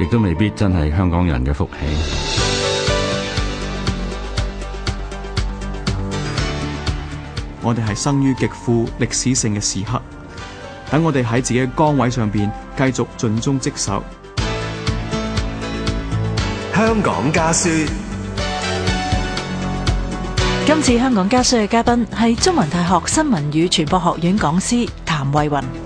亦都未必真係香港人嘅福氣。我哋係生於極富歷史性嘅時刻，等我哋喺自己嘅崗位上邊繼續盡忠職守。香港家書，今次香港家書嘅嘉賓係中文大學新聞與傳播學院講師譚蕙芸。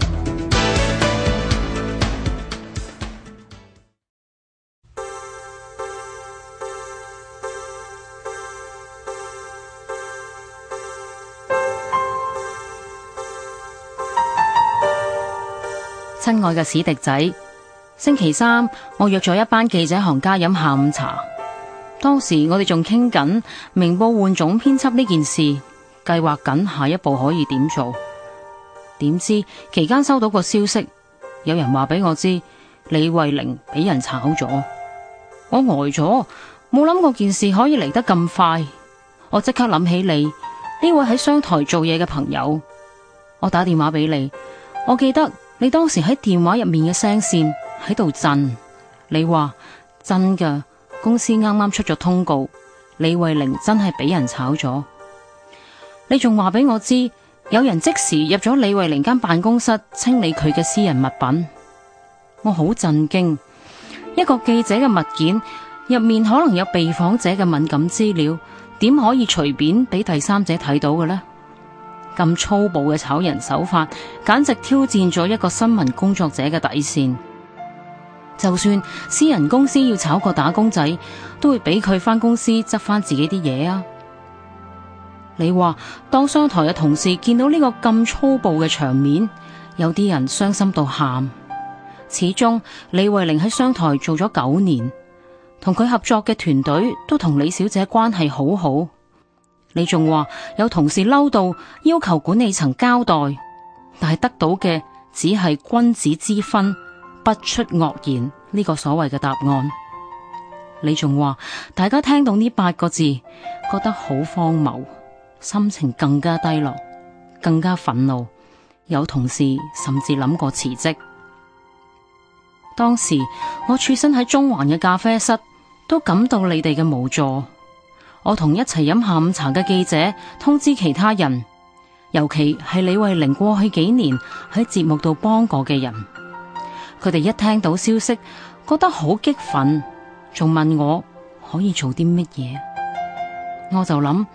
親愛嘅史迪仔，星期三我約咗一班記者行家飲下午茶。當時我哋仲傾緊明報換總編輯呢件事，計劃緊下一步可以點做。點知期間收到個消息，有人話俾我知李慧玲俾人炒咗。我呆咗，冇諗過件事可以嚟得咁快。我即刻諗起你，呢位喺商台做嘢嘅朋友，我打電話俾你。我記得。你當時喺電話入面嘅聲線喺度震，你話真㗎，公司啱啱出咗通告，李慧玲真係俾人炒咗。你仲話俾我知，有人即時入咗李慧玲間辦公室清理佢嘅私人物品，我好震驚。一個記者嘅物件入面可能有被訪者嘅敏感資料，點可以隨便俾第三者睇到嘅呢？咁粗暴嘅炒人手法，簡直挑戰咗一個新聞工作者嘅底線。就算私人公司要炒個打工仔，都會俾佢翻公司執翻自己啲嘢啊！你話當商台嘅同事見到呢個咁粗暴嘅場面，有啲人傷心到喊。始終李慧玲喺商台做咗九年，同佢合作嘅團隊都同李小姐關係好好。你仲話有同事嬲到要求管理層交代，但係得到嘅只係君子之分，不出惡言，呢個所謂嘅答案。你仲話大家聽到呢八個字，覺得好荒謬，心情更加低落，更加憤怒。有同事甚至諗過辭職。當時我處身喺中環嘅咖啡室，都感到你哋嘅無助。我同一齊飲下午茶嘅記者通知其他人，尤其係李慧玲過去幾年喺節目度幫過嘅人，佢哋一聽到消息覺得好激憤，仲問我可以做啲乜嘢？我就諗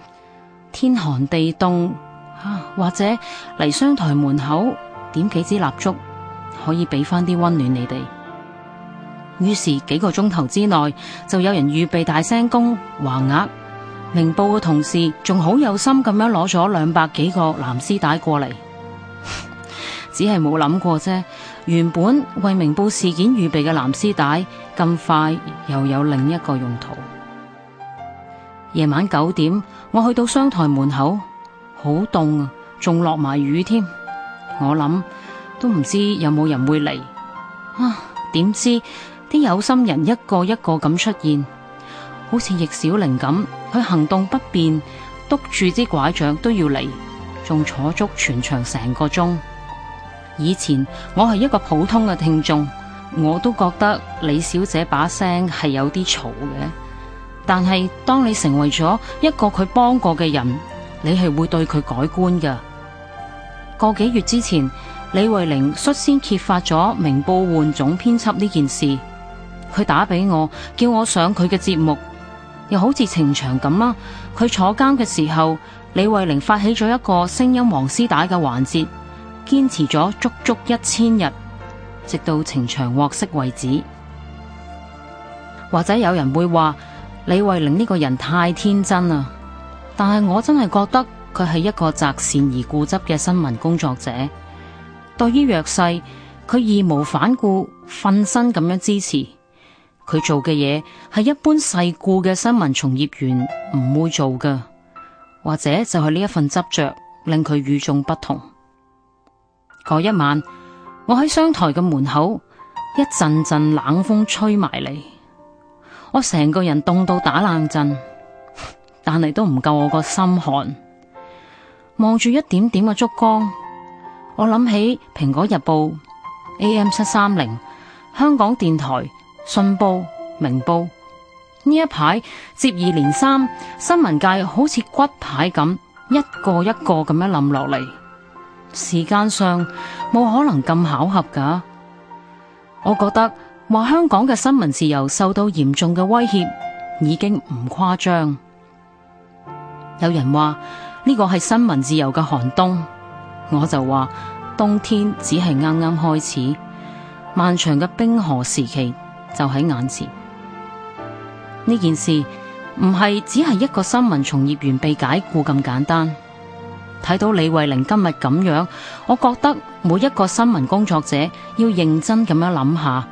天寒地凍啊，或者嚟商台門口點幾支蠟燭，可以俾翻啲溫暖你哋。於是幾個鐘頭之內就有人預備大聲公、橫額。明報嘅同事仲好有心咁樣攞咗兩百幾個藍絲帶過嚟， 只係冇諗過啫。原本為明報事件預備嘅藍絲帶，咁快又有另一個用途。夜晚九點，我去到商台門口，好凍啊，仲落埋雨添。我諗都唔知有冇人會嚟啊！點知啲有心人一個一個咁出現。好似易小玲咁，佢行動不便，督住啲拐杖都要嚟，仲坐足全場成個鐘。以前我係一個普通嘅聽眾，我都覺得李小姐把聲係有啲嘈嘅。但係當你成為咗一個佢幫過嘅人，你係會對佢改觀㗎。個幾月之前，李慧玲率先揭發咗《明報換總編輯》呢件事，佢打俾我，叫我上佢嘅節目。又好似程翔咁啊！佢坐監嘅時候，李慧玲發起咗一個聲音黃絲帶嘅環節，堅持咗足足一千日，直到程翔獲釋為止。或者有人會話李慧玲呢個人太天真啊！但係我真係覺得佢係一個擇善而固執嘅新聞工作者，對於弱勢，佢義無反顧、奮身咁樣支持。佢做嘅嘢係一般世故嘅新聞從業員唔會做嘅，或者就係呢一份執着令佢與眾不同。嗰一晚，我喺商台嘅門口，一陣陣冷風吹埋嚟，我成個人凍到打冷震，但係都唔夠我個心寒。望住一點點嘅燭光，我諗起《蘋果日報》、AM 七三零，香港電台。信報、明報呢一排接二連三，新聞界好似骨牌咁，一個一個咁樣冧落嚟。時間上冇可能咁巧合㗎。我覺得話香港嘅新聞自由受到嚴重嘅威脅已經唔誇張。有人話呢個係新聞自由嘅寒冬，我就話冬天只係啱啱開始，漫長嘅冰河時期就喺眼前，呢件事唔係只係一個新聞從業員被解雇咁簡單。睇到李慧玲今日咁樣，我覺得每一個新聞工作者要認真咁樣諗下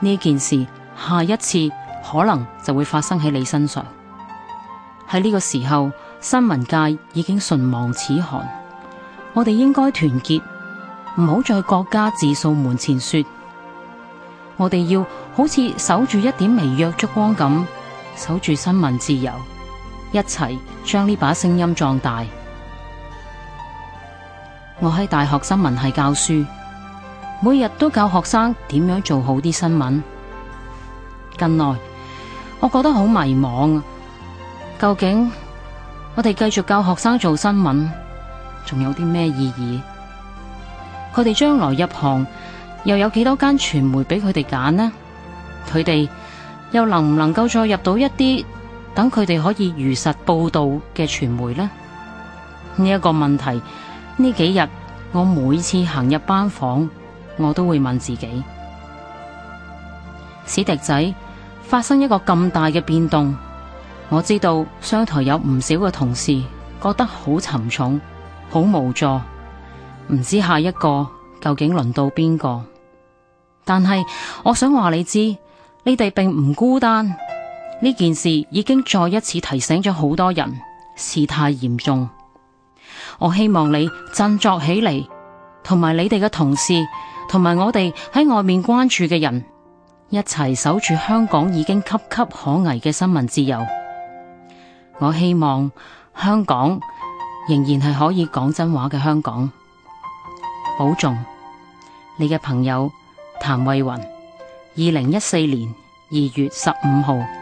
呢件事，下一次可能就會發生喺你身上。喺呢個時候，新聞界已經唇亡齒寒，我哋應該團結，唔好在國家自掃門前雪。我哋要好似守住一點微弱燭光咁，守住新聞自由，一齊將呢把聲音壯大。我喺大學新聞系教書，每日都教學生點樣做好啲新聞。近來我覺得好迷茫啊！究竟我哋繼續教學生做新聞，仲有啲咩意義？佢哋將來入行？又有幾多間傳媒俾佢哋揀呢？佢哋又能唔能夠再入到一啲等佢哋可以如實報道嘅傳媒呢？呢一個問題，呢幾日我每次行入班房，我都會問自己：史迪仔發生一個咁大嘅變動，我知道商台有唔少嘅同事覺得好沉重、好無助，唔知下一個究竟輪到邊個？但係，我想話你知，你哋並唔孤單。呢件事已經再一次提醒咗好多人，事態嚴重。我希望你振作起嚟，同埋你哋嘅同事，同埋我哋喺外面關注嘅人，一齊守住香港已經岌岌可危嘅新聞自由。我希望香港仍然係可以講真話嘅香港。保重，你嘅朋友。譚蕙芸，二零一四年二月十五號。